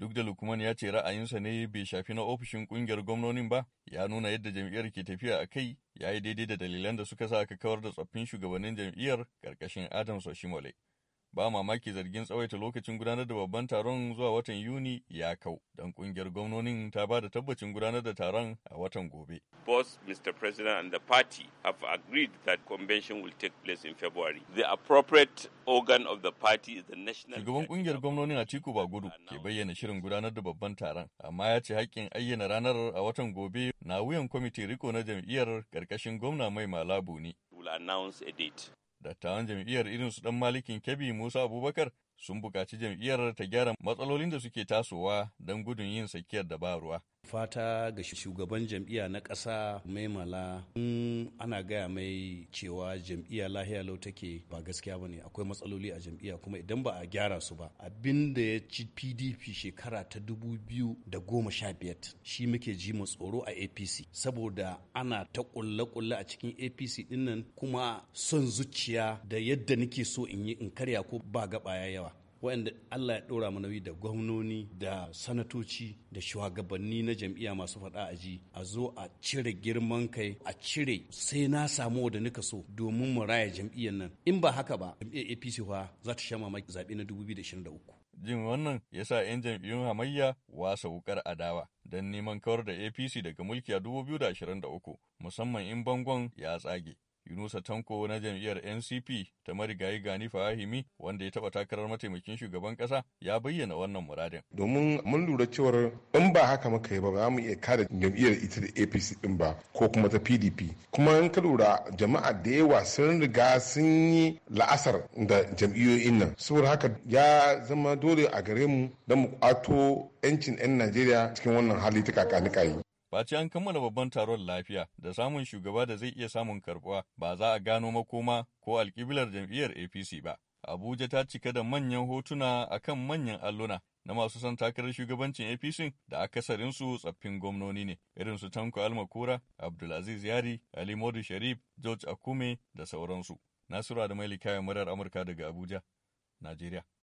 Duk da Lukman ya ce ra'ayinsa ne bai shafi na ofishin kungiyar gwamnonin ba, ya nuna yadda jam'iyyar ke tafiya a kai ya yi daidai da dalilan da suka sa aka kawar da tsoffin shugabannin jam'iyyar ƙarƙashin Adam Oshimole. ba mamaki zargin tsawaita lokacin gudanar da babban taron zuwa watan Yuni ya kau, don kungiyar gwamnonin ta ba da tabbacin gudanar da taron a watan gobe. Both Mr. President and the party have agreed that convention will take place in February. The appropriate organ of the party is the national... Shugaban kungiyar gwamnonin ba gudu ke bayyana shirin gudanar da babban taron, amma ya ce haƙƙin ayyana ranar a watan gobe na wuyan kwamitin riko na jam'iyyar ƙarƙashin gwamna mai malabu ne. Will announce a Dattawan jam'iyyar irin su ɗan malikin Kebbi Musa Abubakar sun buƙaci jam'iyyar ta gyara matsalolin da suke tasowa don gudun yin sakiyar da ba ruwa. fata ga shugaban jam'iyya na ƙasa maimala in ana gaya mai cewa jam'iyya lahiya lau take ba gaskiya ba ne akwai matsaloli a jam'iyya kuma idan ba a gyara su ba abin da ya ci pdp shekara ta dubu biyu da goma sha biyar shi muke ji mu tsoro a apc saboda ana ta kulle-kulle a cikin apc dinnan kuma son zuciya da yadda nake so in yi in karya ko ba gaba yawa waɗanda Allah ya ɗora mana da gwamnoni da sanatoci da shugabanni na jam'iyya masu faɗa ji a zo a cire girman kai a cire sai na samu da nika so domin mu raya jam'iyyar nan in ba haka ba jam'iyyar APC fa za ta sha mamaki zaɓe na 2023 jin wannan ya sa 'yan jam'iyyun hamayya wasa wukar adawa don neman kawar da apc daga mulki a 2023 musamman in bangon ya tsage Yunusa Tanko na jam'iyyar NCP ta marigayi Gani Fahimi wanda ya taba takarar mataimakin shugaban ƙasa ya bayyana wannan muradin. Domin mun lura cewar in ba haka muka yi ba ba mu iya kada jam'iyyar ita da APC din ba ko kuma ta PDP. Kuma in ka lura jama'a da yawa sun riga sun yi la'asar da jam'iyyoyin nan. Saboda haka ya zama dole a gare mu don mu kwato 'yancin 'yan Najeriya cikin wannan hali ta kakani kayi. Baci an kammala babban taron lafiya da samun shugaba da zai iya samun karbuwa ba za a gano makoma ko alkiblar jam'iyyar APC ba. Abuja ta cika da manyan hotuna a kan manyan alluna na masu son takarar shugabancin APC da akasarinsu tsaffin gwamnoni ne, irin su Tanko Almakura, Abdulaziz Yari, Ali Modu Sharif, George Akume da sauransu. Nasiru da Maili kayan murar Amurka daga Abuja, Najeriya.